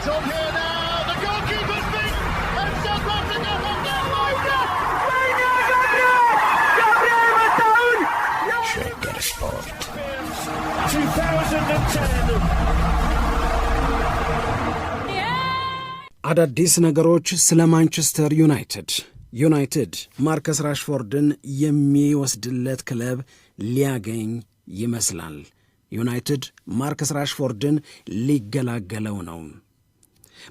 It's on here now. The goalkeeper's beaten, and South Africa have now moved up. Gabriel Mataun. Shaker Sport. 2010. አዳዲስ ነገሮች ስለ ማንቸስተር ዩናይትድ ዩናይትድ ማርከስ ራሽፎርድን የሚወስድለት ክለብ ሊያገኝ ይመስላል። ዩናይትድ ማርከስ ራሽፎርድን ሊገላገለው ነው።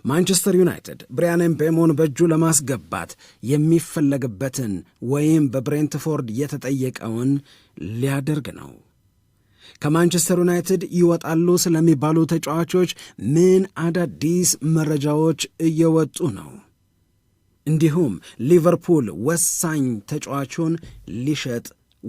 ማንቸስተር ዩናይትድ ብሪያን ኤምቤሞን በእጁ ለማስገባት የሚፈለግበትን ወይም በብሬንትፎርድ የተጠየቀውን ሊያደርግ ነው። ከማንቸስተር ዩናይትድ ይወጣሉ ስለሚባሉ ተጫዋቾች ምን አዳዲስ መረጃዎች እየወጡ ነው? እንዲሁም ሊቨርፑል ወሳኝ ተጫዋቹን ሊሸጥ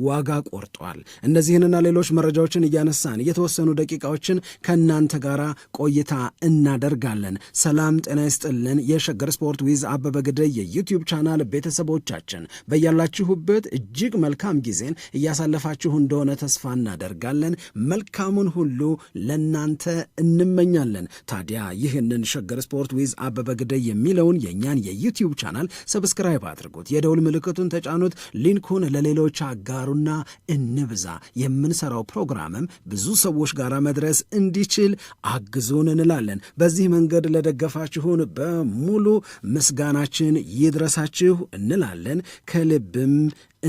ዋጋ ቆርጧል። እነዚህንና ሌሎች መረጃዎችን እያነሳን የተወሰኑ ደቂቃዎችን ከእናንተ ጋር ቆይታ እናደርጋለን። ሰላም ጤና ይስጥልን። የሸገር ስፖርት ዊዝ አበበ ግደይ የዩቲዩብ ቻናል ቤተሰቦቻችን በያላችሁበት እጅግ መልካም ጊዜን እያሳለፋችሁ እንደሆነ ተስፋ እናደርጋለን። መልካሙን ሁሉ ለናንተ እንመኛለን። ታዲያ ይህንን ሸገር ስፖርት ዊዝ አበበ ግደይ የሚለውን የእኛን የዩትዩብ ቻናል ሰብስክራይብ አድርጉት፣ የደውል ምልክቱን ተጫኑት፣ ሊንኩን ለሌሎች አጋ እንማሩና እንብዛ፣ የምንሰራው ፕሮግራምም ብዙ ሰዎች ጋር መድረስ እንዲችል አግዞን እንላለን። በዚህ መንገድ ለደገፋችሁን በሙሉ ምስጋናችን ይድረሳችሁ እንላለን። ከልብም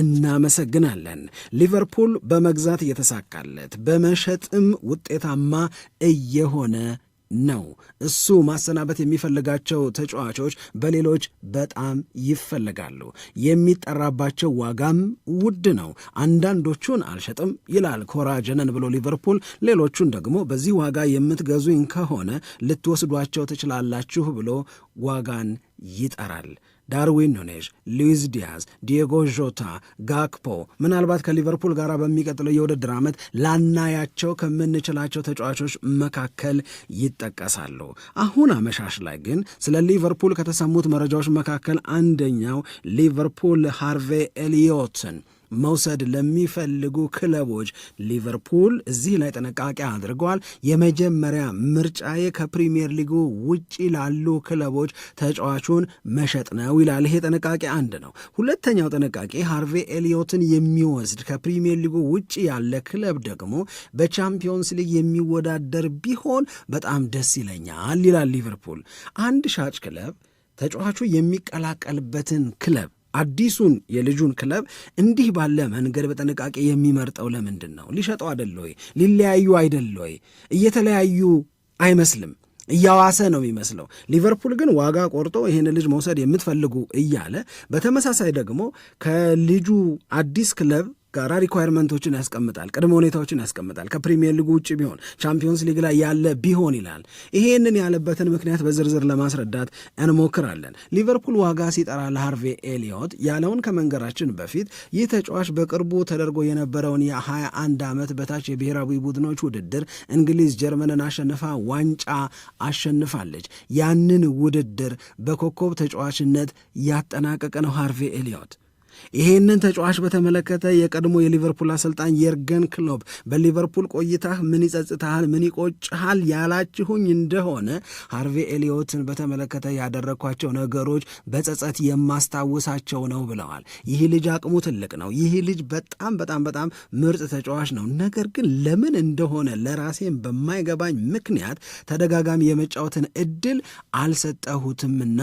እናመሰግናለን። ሊቨርፑል በመግዛት እየተሳካለት በመሸጥም ውጤታማ እየሆነ ነው። እሱ ማሰናበት የሚፈልጋቸው ተጫዋቾች በሌሎች በጣም ይፈልጋሉ። የሚጠራባቸው ዋጋም ውድ ነው። አንዳንዶቹን አልሸጥም ይላል ኮራ ጀነን ብሎ ሊቨርፑል፣ ሌሎቹን ደግሞ በዚህ ዋጋ የምትገዙኝ ከሆነ ልትወስዷቸው ትችላላችሁ ብሎ ዋጋን ይጠራል። ዳርዊን ኑኔዥ፣ ሉዊስ ዲያዝ፣ ዲየጎ ዦታ፣ ጋክፖ ምናልባት ከሊቨርፑል ጋር በሚቀጥለው የውድድር ዓመት ላናያቸው ከምንችላቸው ተጫዋቾች መካከል ይጠቀሳሉ። አሁን አመሻሽ ላይ ግን ስለ ሊቨርፑል ከተሰሙት መረጃዎች መካከል አንደኛው ሊቨርፑል ሃርቬ ኤሊዮትን መውሰድ ለሚፈልጉ ክለቦች ሊቨርፑል እዚህ ላይ ጥንቃቄ አድርጓል። የመጀመሪያ ምርጫዬ ከፕሪሚየር ሊጉ ውጪ ላሉ ክለቦች ተጫዋቹን መሸጥ ነው ይላል። ይሄ ጥንቃቄ አንድ ነው። ሁለተኛው ጥንቃቄ ሃርቬ ኤሊዮትን የሚወስድ ከፕሪሚየር ሊጉ ውጪ ያለ ክለብ ደግሞ በቻምፒዮንስ ሊግ የሚወዳደር ቢሆን በጣም ደስ ይለኛል ይላል ሊቨርፑል። አንድ ሻጭ ክለብ ተጫዋቹ የሚቀላቀልበትን ክለብ አዲሱን የልጁን ክለብ እንዲህ ባለ መንገድ በጥንቃቄ የሚመርጠው ለምንድን ነው? ሊሸጠው አይደለ ወይ? ሊለያዩ አይደለ ወይ? እየተለያዩ አይመስልም፣ እያዋሰ ነው የሚመስለው። ሊቨርፑል ግን ዋጋ ቆርጦ ይህን ልጅ መውሰድ የምትፈልጉ እያለ በተመሳሳይ ደግሞ ከልጁ አዲስ ክለብ ጋራ ሪኳየርመንቶችን ያስቀምጣል፣ ቅድመ ሁኔታዎችን ያስቀምጣል። ከፕሪሚየር ሊጉ ውጭ ቢሆን ቻምፒዮንስ ሊግ ላይ ያለ ቢሆን ይላል። ይሄንን ያለበትን ምክንያት በዝርዝር ለማስረዳት እንሞክራለን። ሊቨርፑል ዋጋ ሲጠራ ለሃርቬ ኤሊዮት ያለውን ከመንገራችን በፊት ይህ ተጫዋች በቅርቡ ተደርጎ የነበረውን የ21 ዓመት በታች የብሔራዊ ቡድኖች ውድድር እንግሊዝ ጀርመንን አሸንፋ ዋንጫ አሸንፋለች። ያንን ውድድር በኮከብ ተጫዋችነት ያጠናቀቀ ነው ሃርቬ ኤሊዮት ይሄንን ተጫዋች በተመለከተ የቀድሞ የሊቨርፑል አሰልጣኝ የርገን ክሎብ በሊቨርፑል ቆይታህ ምን ይጸጽትሃል፣ ምን ይቆጭሃል ያላችሁኝ እንደሆነ ሃርቬ ኤሊዮትን በተመለከተ ያደረግኳቸው ነገሮች በጸጸት የማስታውሳቸው ነው ብለዋል። ይህ ልጅ አቅሙ ትልቅ ነው። ይህ ልጅ በጣም በጣም በጣም ምርጥ ተጫዋች ነው። ነገር ግን ለምን እንደሆነ ለራሴን በማይገባኝ ምክንያት ተደጋጋሚ የመጫወትን እድል አልሰጠሁትምና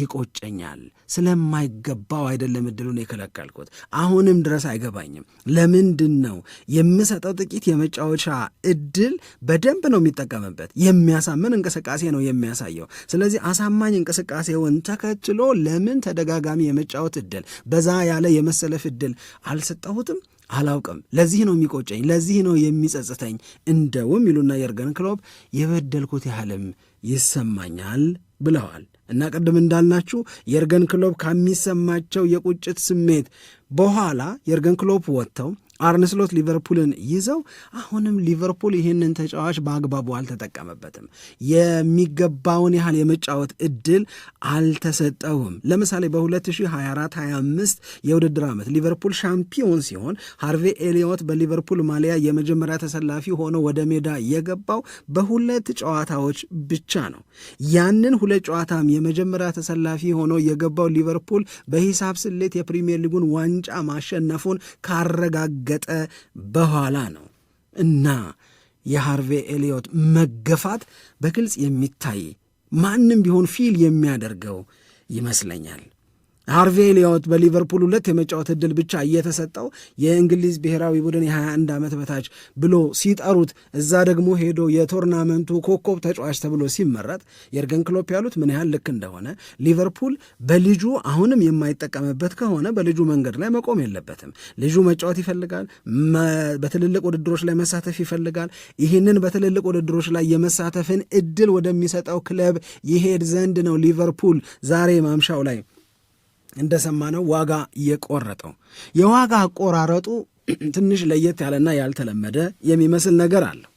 ይቆጨኛል። ስለማይገባው አይደለም እድሉን የተከለከልኩት? አሁንም ድረስ አይገባኝም። ለምንድን ነው የምሰጠው? ጥቂት የመጫወቻ እድል በደንብ ነው የሚጠቀምበት። የሚያሳምን እንቅስቃሴ ነው የሚያሳየው። ስለዚህ አሳማኝ እንቅስቃሴውን ተከትሎ ለምን ተደጋጋሚ የመጫወት እድል፣ በዛ ያለ የመሰለፍ እድል አልሰጠሁትም? አላውቅም። ለዚህ ነው የሚቆጨኝ፣ ለዚህ ነው የሚጸጽተኝ። እንደውም ይሉና የርገን ክሎብ የበደልኩት ያህልም ይሰማኛል ብለዋል። እና ቅድም እንዳልናችሁ የርገን ክሎፕ ከሚሰማቸው የቁጭት ስሜት በኋላ የርገን ክሎፕ ወጥተው አርንስሎት ሊቨርፑልን ይዘው አሁንም ሊቨርፑል ይህንን ተጫዋች በአግባቡ አልተጠቀመበትም። የሚገባውን ያህል የመጫወት እድል አልተሰጠውም። ለምሳሌ በ2024/25 የውድድር ዓመት ሊቨርፑል ሻምፒዮን ሲሆን ሃርቬ ኤሊዮት በሊቨርፑል ማሊያ የመጀመሪያ ተሰላፊ ሆኖ ወደ ሜዳ የገባው በሁለት ጨዋታዎች ብቻ ነው። ያንን ሁለት ጨዋታም የመጀመሪያ ተሰላፊ ሆኖ የገባው ሊቨርፑል በሂሳብ ስሌት የፕሪምየር ሊጉን ዋንጫ ማሸነፉን ካረጋገ ከተረጋገጠ በኋላ ነው እና የሃርቬ ኤሊዮት መገፋት በግልጽ የሚታይ ማንም ቢሆን ፊል የሚያደርገው ይመስለኛል። ሃርቬ ኤሊዮት በሊቨርፑል ሁለት የመጫወት እድል ብቻ እየተሰጠው የእንግሊዝ ብሔራዊ ቡድን የ21 ዓመት በታች ብሎ ሲጠሩት እዛ ደግሞ ሄዶ የቶርናመንቱ ኮከብ ተጫዋች ተብሎ ሲመረጥ የርገን ክሎፕ ያሉት ምን ያህል ልክ እንደሆነ ሊቨርፑል በልጁ አሁንም የማይጠቀምበት ከሆነ በልጁ መንገድ ላይ መቆም የለበትም። ልጁ መጫወት ይፈልጋል። በትልልቅ ውድድሮች ላይ መሳተፍ ይፈልጋል። ይህንን በትልልቅ ውድድሮች ላይ የመሳተፍን እድል ወደሚሰጠው ክለብ ይሄድ ዘንድ ነው ሊቨርፑል ዛሬ ማምሻው ላይ እንደሰማነው ዋጋ የቆረጠው የዋጋ አቆራረጡ ትንሽ ለየት ያለና ያልተለመደ የሚመስል ነገር አለው።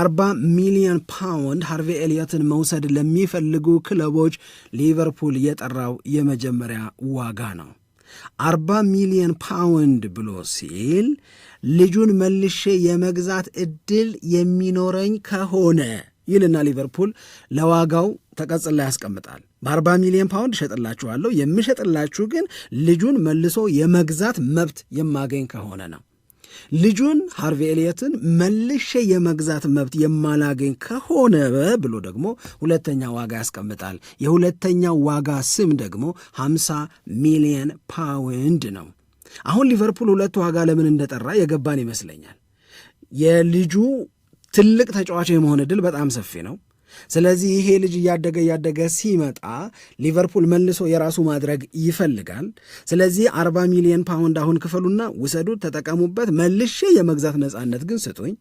አርባ ሚሊዮን ፓውንድ ሃርቬ ኤሊዮትን መውሰድ ለሚፈልጉ ክለቦች ሊቨርፑል የጠራው የመጀመሪያ ዋጋ ነው። አርባ ሚሊዮን ፓውንድ ብሎ ሲል ልጁን መልሼ የመግዛት እድል የሚኖረኝ ከሆነ ይልና ሊቨርፑል ለዋጋው ተቀጽላ ያስቀምጣል። በአርባ ሚሊዮን ፓውንድ እሸጥላችኋለሁ፣ የምሸጥላችሁ ግን ልጁን መልሶ የመግዛት መብት የማገኝ ከሆነ ነው። ልጁን ሃርቪ ኤልየትን መልሼ የመግዛት መብት የማላገኝ ከሆነ ብሎ ደግሞ ሁለተኛ ዋጋ ያስቀምጣል። የሁለተኛው ዋጋ ስም ደግሞ 50 ሚሊየን ፓውንድ ነው። አሁን ሊቨርፑል ሁለት ዋጋ ለምን እንደጠራ የገባን ይመስለኛል። የልጁ ትልቅ ተጫዋች የመሆን ዕድል በጣም ሰፊ ነው። ስለዚህ ይሄ ልጅ እያደገ እያደገ ሲመጣ ሊቨርፑል መልሶ የራሱ ማድረግ ይፈልጋል። ስለዚህ አርባ ሚሊዮን ፓውንድ አሁን ክፈሉና ውሰዱት፣ ተጠቀሙበት፣ መልሼ የመግዛት ነፃነት ግን ስጡኝ።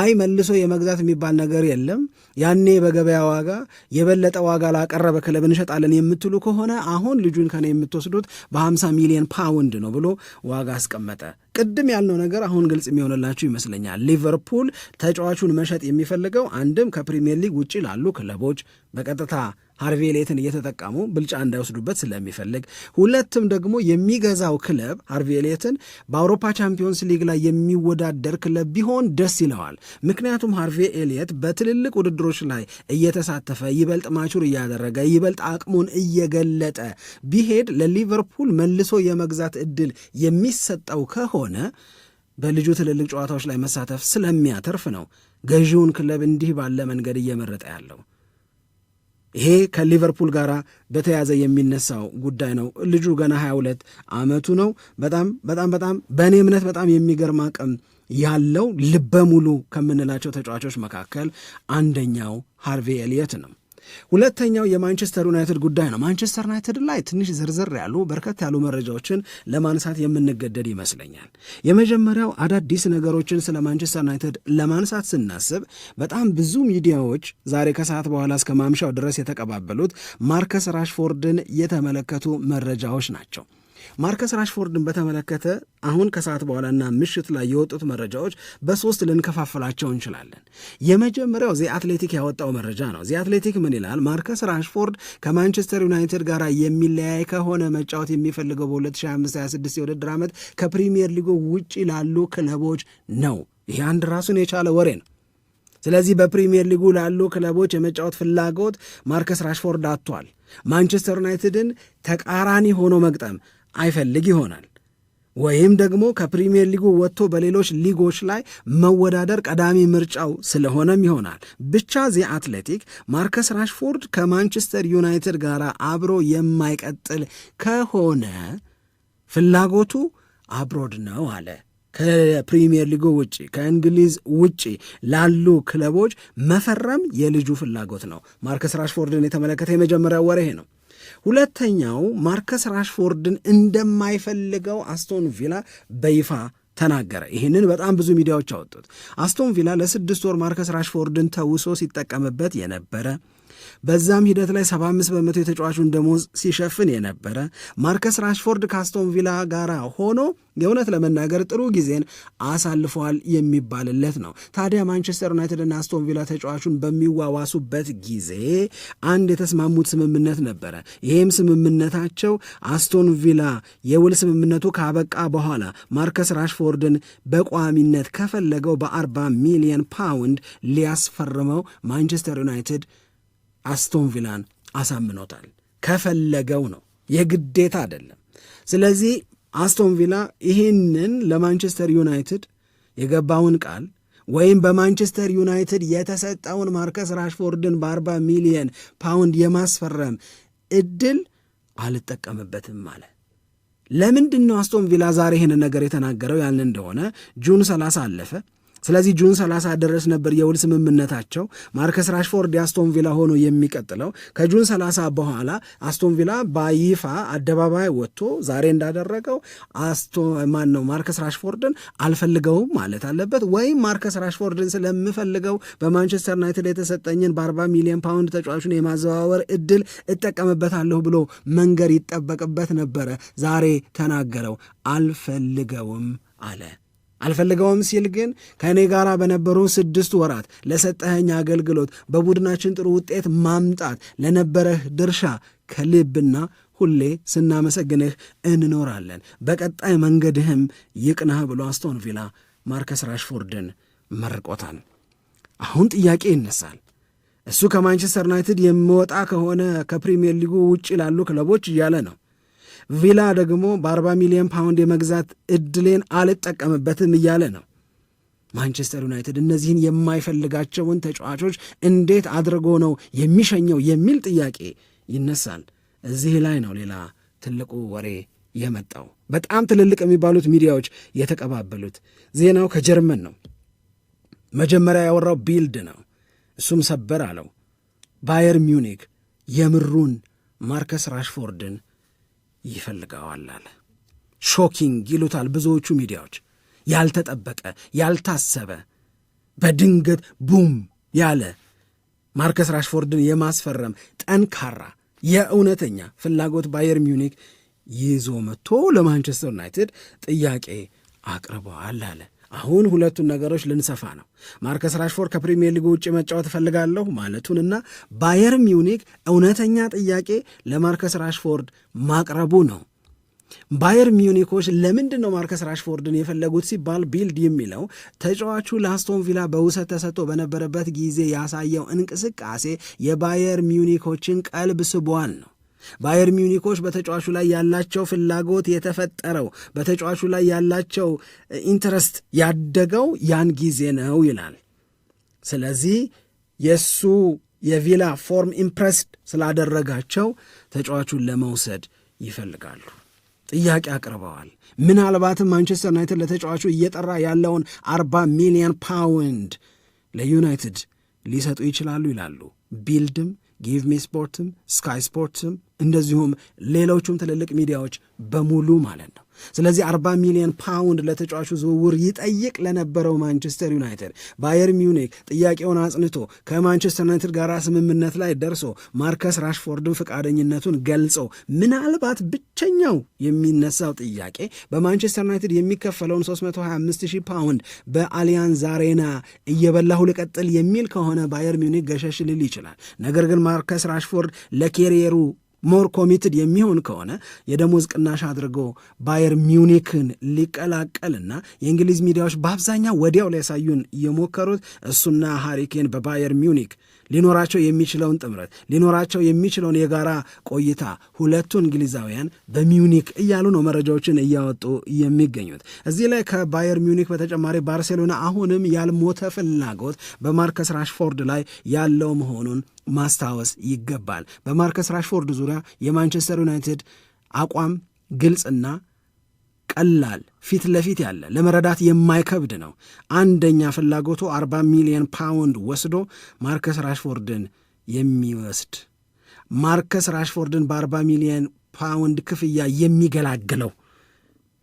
አይ መልሶ የመግዛት የሚባል ነገር የለም፣ ያኔ በገበያ ዋጋ የበለጠ ዋጋ ላቀረበ ክለብ እንሸጣለን የምትሉ ከሆነ አሁን ልጁን ከነ የምትወስዱት በ50 ሚሊዮን ፓውንድ ነው ብሎ ዋጋ አስቀመጠ። ቅድም ያልነው ነገር አሁን ግልጽ የሚሆንላችሁ ይመስለኛል። ሊቨርፑል ተጫዋቹን መሸጥ የሚፈልገው አንድም ከፕሪሚየር ሊግ ውጭ ላሉ ክለቦች በቀጥታ ሃርቬ ኤሌትን እየተጠቀሙ ብልጫ እንዳይወስዱበት ስለሚፈልግ፣ ሁለትም ደግሞ የሚገዛው ክለብ ሃርቬ ኤሌትን በአውሮፓ ቻምፒዮንስ ሊግ ላይ የሚወዳደር ክለብ ቢሆን ደስ ይለዋል። ምክንያቱም ሃርቬ ኤሊየት በትልልቅ ውድድሮች ላይ እየተሳተፈ ይበልጥ ማቹር እያደረገ ይበልጥ አቅሙን እየገለጠ ቢሄድ ለሊቨርፑል መልሶ የመግዛት እድል የሚሰጠው ከሆ ከሆነ በልጁ ትልልቅ ጨዋታዎች ላይ መሳተፍ ስለሚያተርፍ ነው ገዢውን ክለብ እንዲህ ባለ መንገድ እየመረጠ ያለው። ይሄ ከሊቨርፑል ጋር በተያዘ የሚነሳው ጉዳይ ነው። ልጁ ገና 22 ዓመቱ ነው። በጣም በጣም በጣም በእኔ እምነት በጣም የሚገርም አቅም ያለው ልበ ሙሉ ከምንላቸው ተጫዋቾች መካከል አንደኛው ሃርቬ ኤሊየት ነው። ሁለተኛው የማንቸስተር ዩናይትድ ጉዳይ ነው። ማንቸስተር ዩናይትድ ላይ ትንሽ ዝርዝር ያሉ በርከት ያሉ መረጃዎችን ለማንሳት የምንገደድ ይመስለኛል። የመጀመሪያው አዳዲስ ነገሮችን ስለ ማንቸስተር ዩናይትድ ለማንሳት ስናስብ በጣም ብዙ ሚዲያዎች ዛሬ ከሰዓት በኋላ እስከ ማምሻው ድረስ የተቀባበሉት ማርከስ ራሽፎርድን የተመለከቱ መረጃዎች ናቸው። ማርከስ ራሽፎርድን በተመለከተ አሁን ከሰዓት በኋላና ምሽት ላይ የወጡት መረጃዎች በሶስት ልንከፋፍላቸው እንችላለን። የመጀመሪያው ዚ አትሌቲክ ያወጣው መረጃ ነው። ዚ አትሌቲክ ምን ይላል? ማርከስ ራሽፎርድ ከማንቸስተር ዩናይትድ ጋር የሚለያይ ከሆነ መጫወት የሚፈልገው በ2025/26 የውድድር ዓመት ከፕሪሚየር ሊጉ ውጭ ላሉ ክለቦች ነው። ይህ አንድ ራሱን የቻለ ወሬ ነው። ስለዚህ በፕሪሚየር ሊጉ ላሉ ክለቦች የመጫወት ፍላጎት ማርከስ ራሽፎርድ አጥቷል። ማንቸስተር ዩናይትድን ተቃራኒ ሆኖ መግጠም አይፈልግ ይሆናል ወይም ደግሞ ከፕሪምየር ሊጉ ወጥቶ በሌሎች ሊጎች ላይ መወዳደር ቀዳሚ ምርጫው ስለሆነም ይሆናል። ብቻ ዚ አትሌቲክ ማርከስ ራሽፎርድ ከማንቸስተር ዩናይትድ ጋር አብሮ የማይቀጥል ከሆነ ፍላጎቱ አብሮድ ነው አለ። ከፕሪምየር ሊጉ ውጪ ከእንግሊዝ ውጪ ላሉ ክለቦች መፈረም የልጁ ፍላጎት ነው። ማርከስ ራሽፎርድን የተመለከተ የመጀመሪያው ወሬ ነው። ሁለተኛው ማርከስ ራሽፎርድን እንደማይፈልገው አስቶን ቪላ በይፋ ተናገረ። ይህንን በጣም ብዙ ሚዲያዎች አወጡት። አስቶን ቪላ ለስድስት ወር ማርከስ ራሽፎርድን ተውሶ ሲጠቀምበት የነበረ በዛም ሂደት ላይ 75 በመቶ የተጫዋቹን ደሞዝ ሲሸፍን የነበረ ማርከስ ራሽፎርድ ካስቶን ቪላ ጋር ሆኖ የእውነት ለመናገር ጥሩ ጊዜን አሳልፈዋል የሚባልለት ነው። ታዲያ ማንቸስተር ዩናይትድና አስቶን ቪላ ተጫዋቹን በሚዋዋሱበት ጊዜ አንድ የተስማሙት ስምምነት ነበረ። ይሄም ስምምነታቸው አስቶን ቪላ የውል ስምምነቱ ካበቃ በኋላ ማርከስ ራሽፎርድን በቋሚነት ከፈለገው በ40 ሚሊዮን ፓውንድ ሊያስፈርመው ማንቸስተር ዩናይትድ አስቶን ቪላን አሳምኖታል። ከፈለገው ነው የግዴታ አይደለም። ስለዚህ አስቶን ቪላ ይህንን ለማንቸስተር ዩናይትድ የገባውን ቃል ወይም በማንቸስተር ዩናይትድ የተሰጠውን ማርከስ ራሽፎርድን በአርባ ሚሊየን ፓውንድ የማስፈረም እድል አልጠቀምበትም አለ። ለምንድን ነው አስቶን ቪላ ዛሬ ይህን ነገር የተናገረው ያልን እንደሆነ ጁን 30 አለፈ። ስለዚህ ጁን 30 ድረስ ነበር የውል ስምምነታቸው። ማርከስ ራሽፎርድ የአስቶን ቪላ ሆኖ የሚቀጥለው ከጁን 30 በኋላ አስቶን ቪላ በይፋ አደባባይ ወጥቶ ዛሬ እንዳደረገው ማን ነው ማርከስ ራሽፎርድን አልፈልገውም ማለት አለበት፣ ወይም ማርከስ ራሽፎርድን ስለምፈልገው በማንቸስተር ዩናይትድ የተሰጠኝን በ40 ሚሊዮን ፓውንድ ተጫዋቹን የማዘዋወር እድል እጠቀምበታለሁ ብሎ መንገር ይጠበቅበት ነበረ። ዛሬ ተናገረው፣ አልፈልገውም አለ። አልፈልገውም ሲል ግን ከእኔ ጋር በነበሩ ስድስት ወራት ለሰጠኸኝ አገልግሎት በቡድናችን ጥሩ ውጤት ማምጣት ለነበረህ ድርሻ ከልብና ሁሌ ስናመሰግንህ እንኖራለን። በቀጣይ መንገድህም ይቅናህ ብሎ አስቶን ቪላ ማርከስ ራሽፎርድን መርቆታል። አሁን ጥያቄ ይነሳል። እሱ ከማንቸስተር ዩናይትድ የሚወጣ ከሆነ ከፕሪምየር ሊጉ ውጭ ላሉ ክለቦች እያለ ነው ቪላ ደግሞ በ40 ሚሊዮን ፓውንድ የመግዛት እድሌን አልጠቀምበትም እያለ ነው። ማንቸስተር ዩናይትድ እነዚህን የማይፈልጋቸውን ተጫዋቾች እንዴት አድርጎ ነው የሚሸኘው የሚል ጥያቄ ይነሳል። እዚህ ላይ ነው ሌላ ትልቁ ወሬ የመጣው። በጣም ትልልቅ የሚባሉት ሚዲያዎች የተቀባበሉት ዜናው ከጀርመን ነው። መጀመሪያ ያወራው ቢልድ ነው። እሱም ሰበር አለው። ባየር ሚኒክ የምሩን ማርከስ ራሽፎርድን ይፈልገዋል አለ። ሾኪንግ ይሉታል ብዙዎቹ ሚዲያዎች። ያልተጠበቀ ያልታሰበ፣ በድንገት ቡም ያለ ማርከስ ራሽፎርድን የማስፈረም ጠንካራ የእውነተኛ ፍላጎት ባየር ሚዩኒክ ይዞ መጥቶ ለማንቸስተር ዩናይትድ ጥያቄ አቅርበዋል አለ። አሁን ሁለቱን ነገሮች ልንሰፋ ነው። ማርከስ ራሽፎርድ ከፕሪሚየር ሊግ ውጭ መጫወት እፈልጋለሁ ማለቱንና ባየር ሚውኒክ እውነተኛ ጥያቄ ለማርከስ ራሽፎርድ ማቅረቡ ነው። ባየር ሚዩኒኮች ለምንድን ነው ማርከስ ራሽፎርድን የፈለጉት ሲባል ቢልድ የሚለው ተጫዋቹ ለአስቶን ቪላ በውሰት ተሰጥቶ በነበረበት ጊዜ ያሳየው እንቅስቃሴ የባየር ሚዩኒኮችን ቀልብ ስቧል ነው ባየር ሚኒኮች በተጫዋቹ ላይ ያላቸው ፍላጎት የተፈጠረው በተጫዋቹ ላይ ያላቸው ኢንትረስት ያደገው ያን ጊዜ ነው ይላል። ስለዚህ የእሱ የቪላ ፎርም ኢምፕረስድ ስላደረጋቸው ተጫዋቹን ለመውሰድ ይፈልጋሉ። ጥያቄ አቅርበዋል። ምናልባትም ማንቸስተር ዩናይትድ ለተጫዋቹ እየጠራ ያለውን 40 ሚሊዮን ፓውንድ ለዩናይትድ ሊሰጡ ይችላሉ ይላሉ ቢልድም ጊቭ ሚ ስፖርትም፣ ስካይ ስፖርትም እንደዚሁም ሌሎቹም ትልልቅ ሚዲያዎች በሙሉ ማለት ነው ስለዚህ 40 ሚሊዮን ፓውንድ ለተጫዋቹ ዝውውር ይጠይቅ ለነበረው ማንቸስተር ዩናይትድ ባየር ሚውኒክ ጥያቄውን አጽንቶ ከማንቸስተር ዩናይትድ ጋር ስምምነት ላይ ደርሶ ማርከስ ራሽፎርድን ፈቃደኝነቱን ገልጾ ምናልባት ብቸኛው የሚነሳው ጥያቄ በማንቸስተር ዩናይትድ የሚከፈለውን 325000 ፓውንድ በአሊያንዝ አሬና እየበላሁ ልቀጥል የሚል ከሆነ ባየር ሚውኒክ ገሸሽ ሊል ይችላል። ነገር ግን ማርከስ ራሽፎርድ ለኬሪየሩ ሞር ኮሚትድ የሚሆን ከሆነ የደሞዝ ቅናሽ አድርጎ ባየር ሚውኒክን ሊቀላቀልና የእንግሊዝ ሚዲያዎች በአብዛኛው ወዲያው ሊያሳዩን የሞከሩት እሱና ሃሪኬን በባየር ሚውኒክ ሊኖራቸው የሚችለውን ጥምረት ሊኖራቸው የሚችለውን የጋራ ቆይታ ሁለቱ እንግሊዛውያን በሚዩኒክ እያሉ ነው መረጃዎችን እያወጡ የሚገኙት። እዚህ ላይ ከባየር ሚውኒክ በተጨማሪ ባርሴሎና አሁንም ያልሞተ ፍላጎት በማርከስ ራሽፎርድ ላይ ያለው መሆኑን ማስታወስ ይገባል። በማርከስ ራሽፎርድ ዙሪያ የማንቸስተር ዩናይትድ አቋም ግልጽና ቀላል ፊት ለፊት ያለ ለመረዳት የማይከብድ ነው። አንደኛ ፍላጎቱ 40 ሚሊዮን ፓውንድ ወስዶ ማርከስ ራሽፎርድን የሚወስድ ማርከስ ራሽፎርድን በ40 ሚሊዮን ፓውንድ ክፍያ የሚገላግለው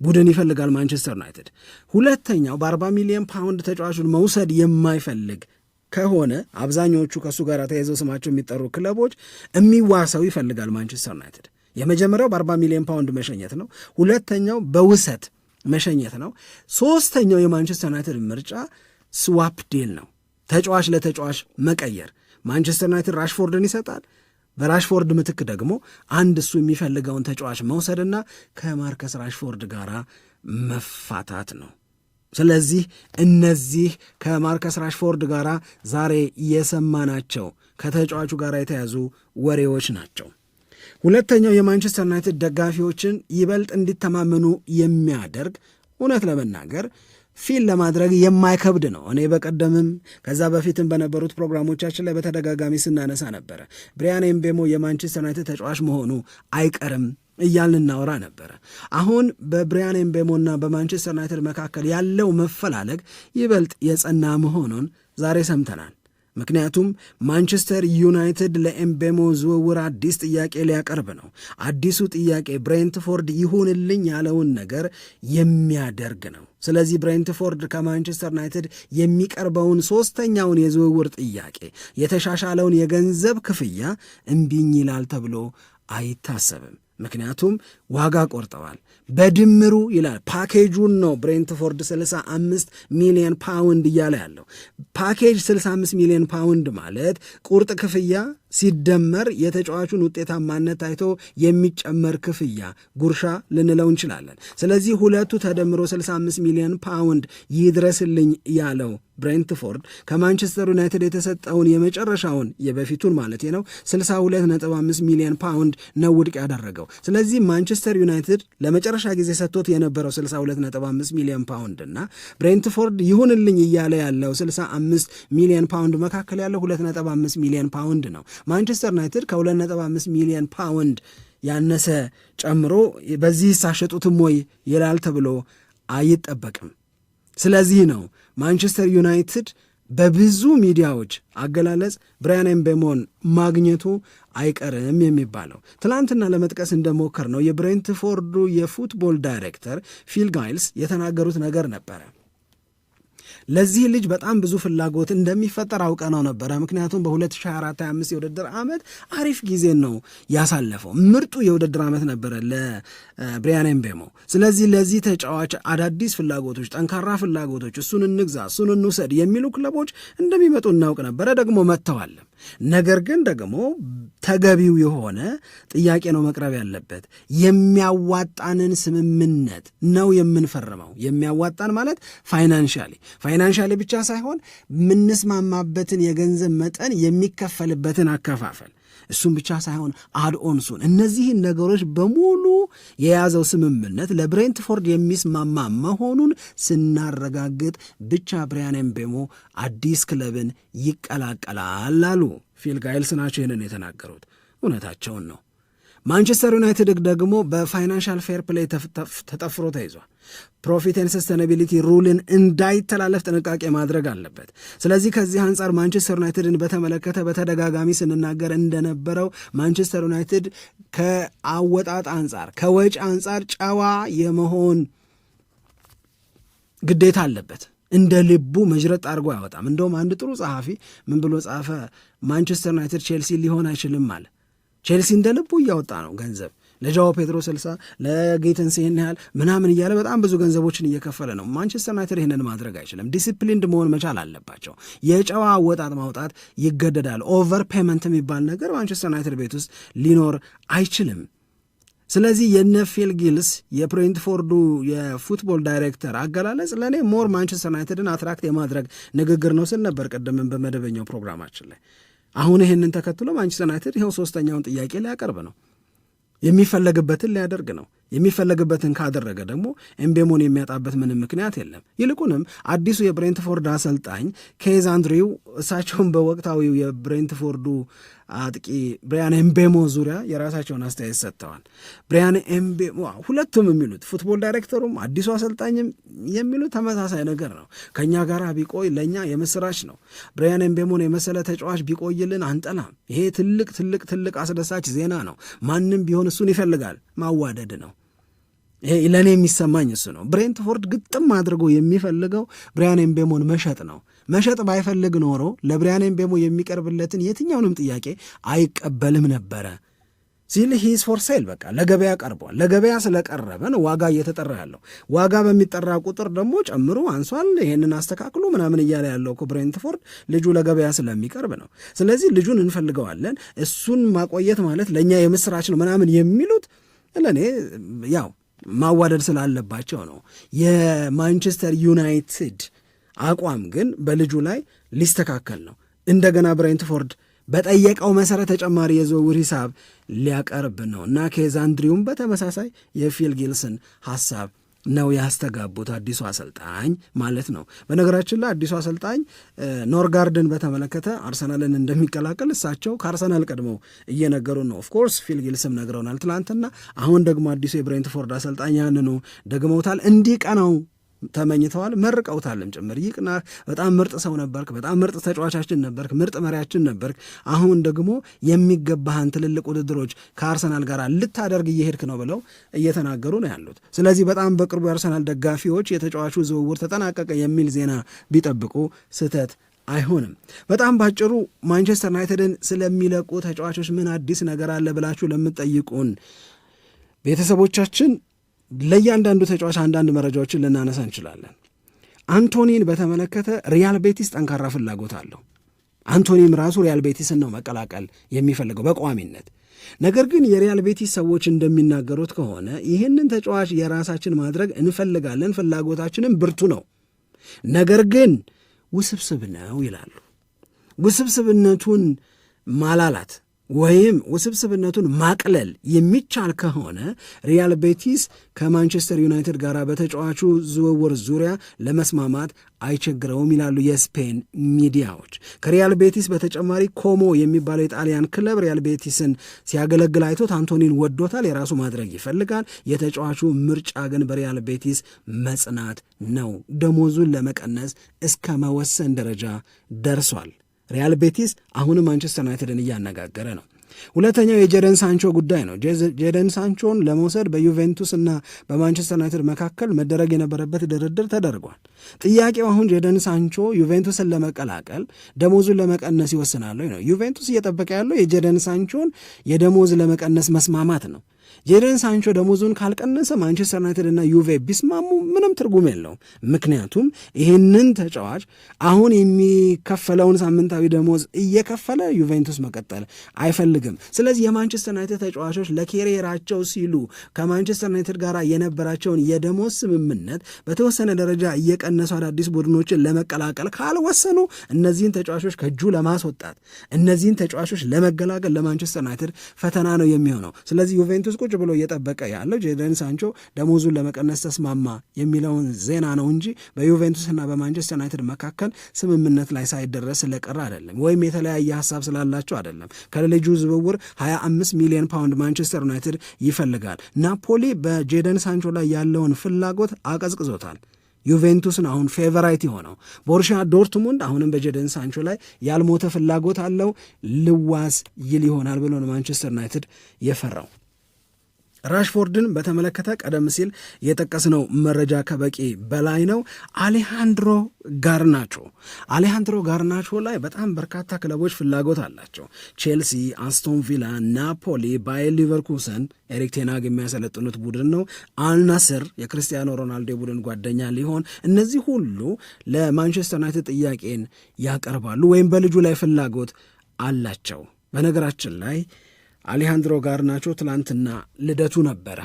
ቡድን ይፈልጋል ማንቸስተር ዩናይትድ። ሁለተኛው በ40 ሚሊዮን ፓውንድ ተጫዋቹን መውሰድ የማይፈልግ ከሆነ አብዛኛዎቹ ከእሱ ጋር ተያይዘው ስማቸው የሚጠሩ ክለቦች የሚዋሰው ይፈልጋል ማንቸስተር ዩናይትድ። የመጀመሪያው በአርባ ሚሊዮን ፓውንድ መሸኘት ነው። ሁለተኛው በውሰት መሸኘት ነው። ሶስተኛው የማንቸስተር ዩናይትድ ምርጫ ስዋፕ ዴል ነው፣ ተጫዋች ለተጫዋች መቀየር። ማንቸስተር ዩናይትድ ራሽፎርድን ይሰጣል። በራሽፎርድ ምትክ ደግሞ አንድ እሱ የሚፈልገውን ተጫዋች መውሰድና ከማርከስ ራሽፎርድ ጋር መፋታት ነው። ስለዚህ እነዚህ ከማርከስ ራሽፎርድ ጋር ዛሬ የሰማናቸው ከተጫዋቹ ጋር የተያዙ ወሬዎች ናቸው። ሁለተኛው የማንቸስተር ዩናይትድ ደጋፊዎችን ይበልጥ እንዲተማመኑ የሚያደርግ እውነት ለመናገር ፊል ለማድረግ የማይከብድ ነው። እኔ በቀደምም ከዛ በፊትም በነበሩት ፕሮግራሞቻችን ላይ በተደጋጋሚ ስናነሳ ነበረ። ብሪያን ኤምቤሞ የማንቸስተር ዩናይትድ ተጫዋች መሆኑ አይቀርም እያልን እናወራ ነበረ። አሁን በብሪያን ኤምቤሞና በማንቸስተር ዩናይትድ መካከል ያለው መፈላለግ ይበልጥ የጸና መሆኑን ዛሬ ሰምተናል። ምክንያቱም ማንቸስተር ዩናይትድ ለኤምቤሞ ዝውውር አዲስ ጥያቄ ሊያቀርብ ነው። አዲሱ ጥያቄ ብሬንትፎርድ ይሁንልኝ ያለውን ነገር የሚያደርግ ነው። ስለዚህ ብሬንትፎርድ ከማንቸስተር ዩናይትድ የሚቀርበውን ሶስተኛውን የዝውውር ጥያቄ የተሻሻለውን የገንዘብ ክፍያ እምቢኝ ይላል ተብሎ አይታሰብም። ምክንያቱም ዋጋ ቆርጠዋል። በድምሩ ይላል ፓኬጁን ነው ብሬንትፎርድ 65 ሚሊዮን ፓውንድ እያለ ያለው ፓኬጅ 65 ሚሊዮን ፓውንድ ማለት ቁርጥ ክፍያ ሲደመር የተጫዋቹን ውጤታማነት ታይቶ የሚጨመር ክፍያ ጉርሻ ልንለው እንችላለን። ስለዚህ ሁለቱ ተደምሮ 65 ሚሊዮን ፓውንድ ይድረስልኝ ያለው ብሬንትፎርድ ከማንቸስተር ዩናይትድ የተሰጠውን የመጨረሻውን የበፊቱን ማለት ነው 62.5 ሚሊዮን ፓውንድ ነው ውድቅ ያደረገው። ስለዚህ ማንቸስተር ዩናይትድ ለመጨረሻ ጊዜ ሰጥቶት የነበረው 625 ሚሊዮን ፓውንድ እና ብሬንትፎርድ ይሁንልኝ እያለ ያለው 65 ሚሊዮን ፓውንድ መካከል ያለው 2.5 ሚሊዮን ፓውንድ ነው። ማንቸስተር ዩናይትድ ከ2.5 ሚሊዮን ፓውንድ ያነሰ ጨምሮ በዚህ ሳሸጡትም ወይ ይላል ተብሎ አይጠበቅም። ስለዚህ ነው ማንቸስተር ዩናይትድ በብዙ ሚዲያዎች አገላለጽ ብራያን ኤምቤሞን ማግኘቱ አይቀርም የሚባለው። ትናንትና ለመጥቀስ እንደሞከር ነው የብሬንትፎርዱ የፉትቦል ዳይሬክተር ፊል ጋይልስ የተናገሩት ነገር ነበረ። ለዚህ ልጅ በጣም ብዙ ፍላጎት እንደሚፈጠር አውቀ ነው ነበረ። ምክንያቱም በ2024/25 የውድድር ዓመት አሪፍ ጊዜን ነው ያሳለፈው። ምርጡ የውድድር ዓመት ነበረ ለብሪያን ኤምቤሞ። ስለዚህ ለዚህ ተጫዋች አዳዲስ ፍላጎቶች፣ ጠንካራ ፍላጎቶች፣ እሱን እንግዛ፣ እሱን እንውሰድ የሚሉ ክለቦች እንደሚመጡ እናውቅ ነበረ። ደግሞ መጥተዋል። ነገር ግን ደግሞ ተገቢው የሆነ ጥያቄ ነው መቅረብ ያለበት። የሚያዋጣንን ስምምነት ነው የምንፈርመው። የሚያዋጣን ማለት ፋይናንሻሊ ፋይናንሻል ብቻ ሳይሆን የምንስማማበትን የገንዘብ መጠን የሚከፈልበትን አከፋፈል እሱም ብቻ ሳይሆን አድኦንሱን እነዚህን ነገሮች በሙሉ የያዘው ስምምነት ለብሬንትፎርድ የሚስማማ መሆኑን ስናረጋግጥ ብቻ ብሪያን ኤምቤሞ አዲስ ክለብን ይቀላቀላል አሉ። ፊል ጋይልስ ናቸው ይህንን የተናገሩት። እውነታቸውን ነው። ማንቸስተር ዩናይትድ ደግሞ በፋይናንሻል ፌር ፕሌይ ተጠፍሮ ተይዟል። ፕሮፊት ኤንድ ሰስተናቢሊቲ ሩልን እንዳይተላለፍ ጥንቃቄ ማድረግ አለበት። ስለዚህ ከዚህ አንጻር ማንቸስተር ዩናይትድን በተመለከተ በተደጋጋሚ ስንናገር እንደነበረው ማንቸስተር ዩናይትድ ከአወጣጥ አንጻር ከወጪ አንጻር ጨዋ የመሆን ግዴታ አለበት። እንደ ልቡ መጅረጥ አድርጎ አያወጣም። እንደውም አንድ ጥሩ ጸሐፊ ምን ብሎ ጻፈ? ማንቸስተር ዩናይትድ ቼልሲ ሊሆን አይችልም አለ። ቼልሲ እንደ ልቡ እያወጣ ነው ገንዘብ ለጃዋ ፔድሮ ስልሳ ለጌተንስ ይህን ያህል ምናምን እያለ በጣም ብዙ ገንዘቦችን እየከፈለ ነው። ማንቸስተር ዩናይትድ ይህንን ማድረግ አይችልም። ዲሲፕሊንድ መሆን መቻል አለባቸው። የጨዋ አወጣት ማውጣት ይገደዳል። ኦቨር ፔመንት የሚባል ነገር ማንቸስተር ዩናይትድ ቤት ውስጥ ሊኖር አይችልም። ስለዚህ የነፊል ጊልስ የፕሬንትፎርዱ የፉትቦል ዳይሬክተር አገላለጽ ለእኔ ሞር ማንቸስተር ዩናይትድን አትራክት የማድረግ ንግግር ነው ስል ነበር ቅድምን በመደበኛው ፕሮግራማችን ላይ አሁን ይህንን ተከትሎ ማንቸስተር ዩናይትድ ይኸው ሶስተኛውን ጥያቄ ሊያቀርብ ነው። የሚፈለግበትን ሊያደርግ ነው። የሚፈለግበትን ካደረገ ደግሞ ኤምቤሞን የሚያጣበት ምንም ምክንያት የለም። ይልቁንም አዲሱ የብሬንትፎርድ አሰልጣኝ ኬዝ አንድሪው እሳቸውን በወቅታዊው የብሬንትፎርዱ አጥቂ ብሪያን ኤምቤሞ ዙሪያ የራሳቸውን አስተያየት ሰጥተዋል። ብሪያን ኤምቤሞ ሁለቱም የሚሉት ፉትቦል ዳይሬክተሩም አዲሱ አሰልጣኝም የሚሉት ተመሳሳይ ነገር ነው። ከእኛ ጋር ቢቆይ ለእኛ የምስራች ነው። ብሪያን ኤምቤሞን የመሰለ ተጫዋች ቢቆይልን አንጠላም። ይሄ ትልቅ ትልቅ ትልቅ አስደሳች ዜና ነው። ማንም ቢሆን እሱን ይፈልጋል። ማዋደድ ነው። ይሄ ለእኔ የሚሰማኝ እሱ ነው። ብሬንትፎርድ ግጥም አድርጎ የሚፈልገው ብሪያን ኤምቤሞን መሸጥ ነው። መሸጥ ባይፈልግ ኖሮ ለብሪያን ኤምቤሞ የሚቀርብለትን የትኛውንም ጥያቄ አይቀበልም ነበረ ሲል ሂስ ፎር ሴል በቃ ለገበያ ቀርቧል። ለገበያ ስለቀረበ ነው ዋጋ እየተጠራ ያለው። ዋጋ በሚጠራ ቁጥር ደግሞ ጨምሮ አንሷል፣ ይሄንን አስተካክሉ ምናምን እያለ ያለው እኮ ብሬንትፎርድ ልጁ ለገበያ ስለሚቀርብ ነው። ስለዚህ ልጁን እንፈልገዋለን፣ እሱን ማቆየት ማለት ለእኛ የምስራች ነው ምናምን የሚሉት ለእኔ ያው ማዋደድ ስላለባቸው ነው። የማንቸስተር ዩናይትድ አቋም ግን በልጁ ላይ ሊስተካከል ነው። እንደገና ብሬንትፎርድ በጠየቀው መሰረት ተጨማሪ የዝውውር ሂሳብ ሊያቀርብ ነው እና ኬዛንድሪውም በተመሳሳይ የፊል ጊልስን ሐሳብ ነው ያስተጋቡት አዲሱ አሰልጣኝ ማለት ነው። በነገራችን ላይ አዲሱ አሰልጣኝ ኖርጋርድን በተመለከተ አርሰናልን እንደሚቀላቀል እሳቸው ከአርሰናል ቀድመው እየነገሩ ነው። ኦፍኮርስ ፊል ጊልስም ነግረውናል ትላንትና። አሁን ደግሞ አዲሱ የብሬንትፎርድ አሰልጣኝ ያንኑ ደግመውታል። እንዲህ ቀናው ተመኝተዋል፣ መርቀውታልም ጭምር ይቅና በጣም ምርጥ ሰው ነበርክ፣ በጣም ምርጥ ተጫዋቻችን ነበርክ፣ ምርጥ መሪያችን ነበርክ። አሁን ደግሞ የሚገባህን ትልልቅ ውድድሮች ከአርሰናል ጋር ልታደርግ እየሄድክ ነው ብለው እየተናገሩ ነው ያሉት። ስለዚህ በጣም በቅርቡ የአርሰናል ደጋፊዎች የተጫዋቹ ዝውውር ተጠናቀቀ የሚል ዜና ቢጠብቁ ስህተት አይሆንም። በጣም ባጭሩ ማንቸስተር ዩናይትድን ስለሚለቁ ተጫዋቾች ምን አዲስ ነገር አለ ብላችሁ ለምትጠይቁን ቤተሰቦቻችን ለእያንዳንዱ ተጫዋች አንዳንድ መረጃዎችን ልናነሳ እንችላለን። አንቶኒን በተመለከተ ሪያል ቤቲስ ጠንካራ ፍላጎት አለው። አንቶኒም ራሱ ሪያል ቤቲስን ነው መቀላቀል የሚፈልገው በቋሚነት። ነገር ግን የሪያል ቤቲስ ሰዎች እንደሚናገሩት ከሆነ ይህንን ተጫዋች የራሳችን ማድረግ እንፈልጋለን፣ ፍላጎታችንም ብርቱ ነው፣ ነገር ግን ውስብስብ ነው ይላሉ። ውስብስብነቱን ማላላት ወይም ውስብስብነቱን ማቅለል የሚቻል ከሆነ ሪያል ቤቲስ ከማንቸስተር ዩናይትድ ጋር በተጫዋቹ ዝውውር ዙሪያ ለመስማማት አይቸግረውም ይላሉ የስፔን ሚዲያዎች። ከሪያል ቤቲስ በተጨማሪ ኮሞ የሚባለው የጣሊያን ክለብ ሪያል ቤቲስን ሲያገለግል አይቶት አንቶኒን ወዶታል፣ የራሱ ማድረግ ይፈልጋል። የተጫዋቹ ምርጫ ግን በሪያል ቤቲስ መጽናት ነው። ደሞዙን ለመቀነስ እስከ መወሰን ደረጃ ደርሷል። ሪያል ቤቲስ አሁንም ማንቸስተር ዩናይትድን እያነጋገረ ነው። ሁለተኛው የጀደን ሳንቾ ጉዳይ ነው። ጀደን ሳንቾን ለመውሰድ በዩቬንቱስ እና በማንቸስተር ዩናይትድ መካከል መደረግ የነበረበት ድርድር ተደርጓል። ጥያቄው አሁን ጀደን ሳንቾ ዩቬንቱስን ለመቀላቀል ደሞዙን ለመቀነስ ይወስናለሁ ነው። ዩቬንቱስ እየጠበቀ ያለው የጀደን ሳንቾን የደሞዝ ለመቀነስ መስማማት ነው። ጄደን ሳንቾ ደሞዙን ካልቀነሰ ማንቸስተር ዩናይትድ እና ዩቬ ቢስማሙ ምንም ትርጉም የለውም። ምክንያቱም ይህንን ተጫዋች አሁን የሚከፈለውን ሳምንታዊ ደሞዝ እየከፈለ ዩቬንቱስ መቀጠል አይፈልግም። ስለዚህ የማንቸስተር ዩናይትድ ተጫዋቾች ለኬሪየራቸው ሲሉ ከማንቸስተር ዩናይትድ ጋር የነበራቸውን የደሞዝ ስምምነት በተወሰነ ደረጃ እየቀነሱ አዳዲስ ቡድኖችን ለመቀላቀል ካልወሰኑ እነዚህን ተጫዋቾች ከእጁ ለማስወጣት እነዚህን ተጫዋቾች ለመገላገል ለማንቸስተር ዩናይትድ ፈተና ነው የሚሆነው። ስለዚህ ዩቬንቱስ ቁጭ ብሎ እየጠበቀ ያለው ጄደን ሳንቾ ደሞዙን ለመቀነስ ተስማማ የሚለውን ዜና ነው እንጂ በዩቬንቱስና በማንቸስተር ዩናይትድ መካከል ስምምነት ላይ ሳይደረስ ስለቀረ አይደለም፣ ወይም የተለያየ ሀሳብ ስላላቸው አይደለም። ከልጁ ዝውውር 25 ሚሊዮን ፓውንድ ማንቸስተር ዩናይትድ ይፈልጋል። ናፖሊ በጄደን ሳንቾ ላይ ያለውን ፍላጎት አቀዝቅዞታል። ዩቬንቱስን አሁን ፌቨራይት የሆነው ቦርሻ ዶርትሙንድ አሁንም በጀደን ሳንቾ ላይ ያልሞተ ፍላጎት አለው። ልዋስ ይል ይሆናል ብሎ ነው ማንቸስተር ዩናይትድ የፈራው። ራሽፎርድን በተመለከተ ቀደም ሲል የጠቀስነው መረጃ ከበቂ በላይ ነው። አሌሃንድሮ ጋርናቾ አሌሃንድሮ ጋርናቾ ላይ በጣም በርካታ ክለቦች ፍላጎት አላቸው። ቼልሲ፣ አስቶን ቪላ፣ ናፖሊ፣ ባየር ሊቨርኩሰን ኤሪክ ቴናግ የሚያሰለጥኑት ቡድን ነው። አልናስር የክርስቲያኖ ሮናልዶ ቡድን ጓደኛ ሊሆን፣ እነዚህ ሁሉ ለማንቸስተር ዩናይትድ ጥያቄን ያቀርባሉ ወይም በልጁ ላይ ፍላጎት አላቸው። በነገራችን ላይ አሌሃንድሮ ጋርናቾ ትላንትና ልደቱ ነበረ።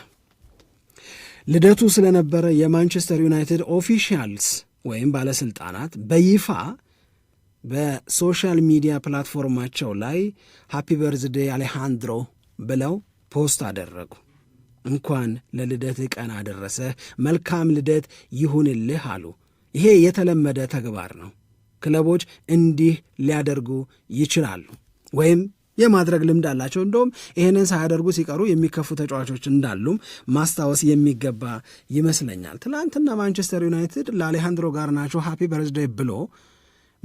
ልደቱ ስለነበረ የማንቸስተር ዩናይትድ ኦፊሻልስ ወይም ባለስልጣናት በይፋ በሶሻል ሚዲያ ፕላትፎርማቸው ላይ ሃፒ በርዝዴ አሌሃንድሮ ብለው ፖስት አደረጉ። እንኳን ለልደት ቀን አደረሰ፣ መልካም ልደት ይሁንልህ አሉ። ይሄ የተለመደ ተግባር ነው። ክለቦች እንዲህ ሊያደርጉ ይችላሉ ወይም የማድረግ ልምድ አላቸው። እንደውም ይህንን ሳያደርጉ ሲቀሩ የሚከፉ ተጫዋቾች እንዳሉም ማስታወስ የሚገባ ይመስለኛል። ትናንትና ማንቸስተር ዩናይትድ ለአሌሃንድሮ ጋርናቾ ሃፒ በርዝዴይ ብሎ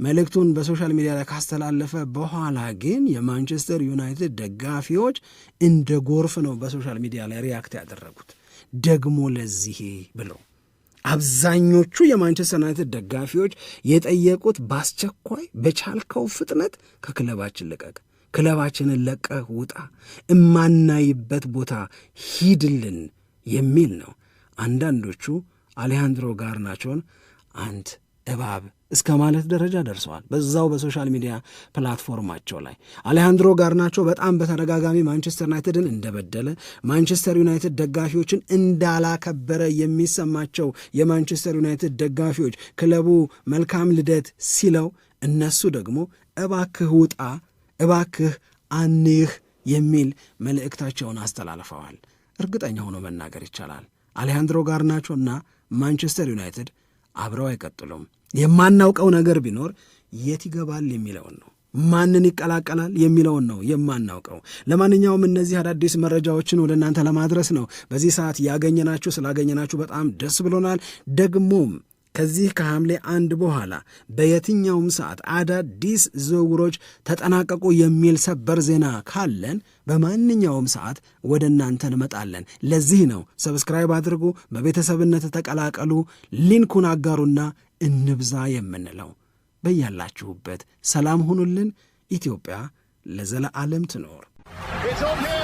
መልእክቱን በሶሻል ሚዲያ ላይ ካስተላለፈ በኋላ ግን የማንቸስተር ዩናይትድ ደጋፊዎች እንደ ጎርፍ ነው በሶሻል ሚዲያ ላይ ሪያክት ያደረጉት። ደግሞ ለዚህ ብሎ አብዛኞቹ የማንቸስተር ዩናይትድ ደጋፊዎች የጠየቁት በአስቸኳይ በቻልከው ፍጥነት ከክለባችን ልቀቅ ክለባችንን ለቀህ ውጣ፣ እማናይበት ቦታ ሂድልን የሚል ነው። አንዳንዶቹ አሌሃንድሮ ጋርናቾን አንድ እባብ እስከ ማለት ደረጃ ደርሰዋል። በዛው በሶሻል ሚዲያ ፕላትፎርማቸው ላይ አሌሃንድሮ ጋርናቾ በጣም በተደጋጋሚ ማንቸስተር ዩናይትድን እንደበደለ፣ ማንቸስተር ዩናይትድ ደጋፊዎችን እንዳላከበረ የሚሰማቸው የማንቸስተር ዩናይትድ ደጋፊዎች ክለቡ መልካም ልደት ሲለው እነሱ ደግሞ እባክህ ውጣ እባክህ አንይህ የሚል መልእክታቸውን አስተላልፈዋል። እርግጠኛ ሆኖ መናገር ይቻላል አሌሃንድሮ ጋርናቾና ማንቸስተር ዩናይትድ አብረው አይቀጥሉም። የማናውቀው ነገር ቢኖር የት ይገባል የሚለውን ነው። ማንን ይቀላቀላል የሚለውን ነው የማናውቀው። ለማንኛውም እነዚህ አዳዲስ መረጃዎችን ወደ እናንተ ለማድረስ ነው በዚህ ሰዓት ያገኘናችሁ። ስላገኘናችሁ በጣም ደስ ብሎናል። ደግሞም ከዚህ ከሐምሌ አንድ በኋላ በየትኛውም ሰዓት አዳዲስ ዝውውሮች ተጠናቀቁ የሚል ሰበር ዜና ካለን በማንኛውም ሰዓት ወደ እናንተ እንመጣለን። ለዚህ ነው ሰብስክራይብ አድርጉ፣ በቤተሰብነት ተቀላቀሉ፣ ሊንኩን አጋሩና እንብዛ የምንለው። በያላችሁበት ሰላም ሁኑልን። ኢትዮጵያ ለዘለዓለም ትኖር።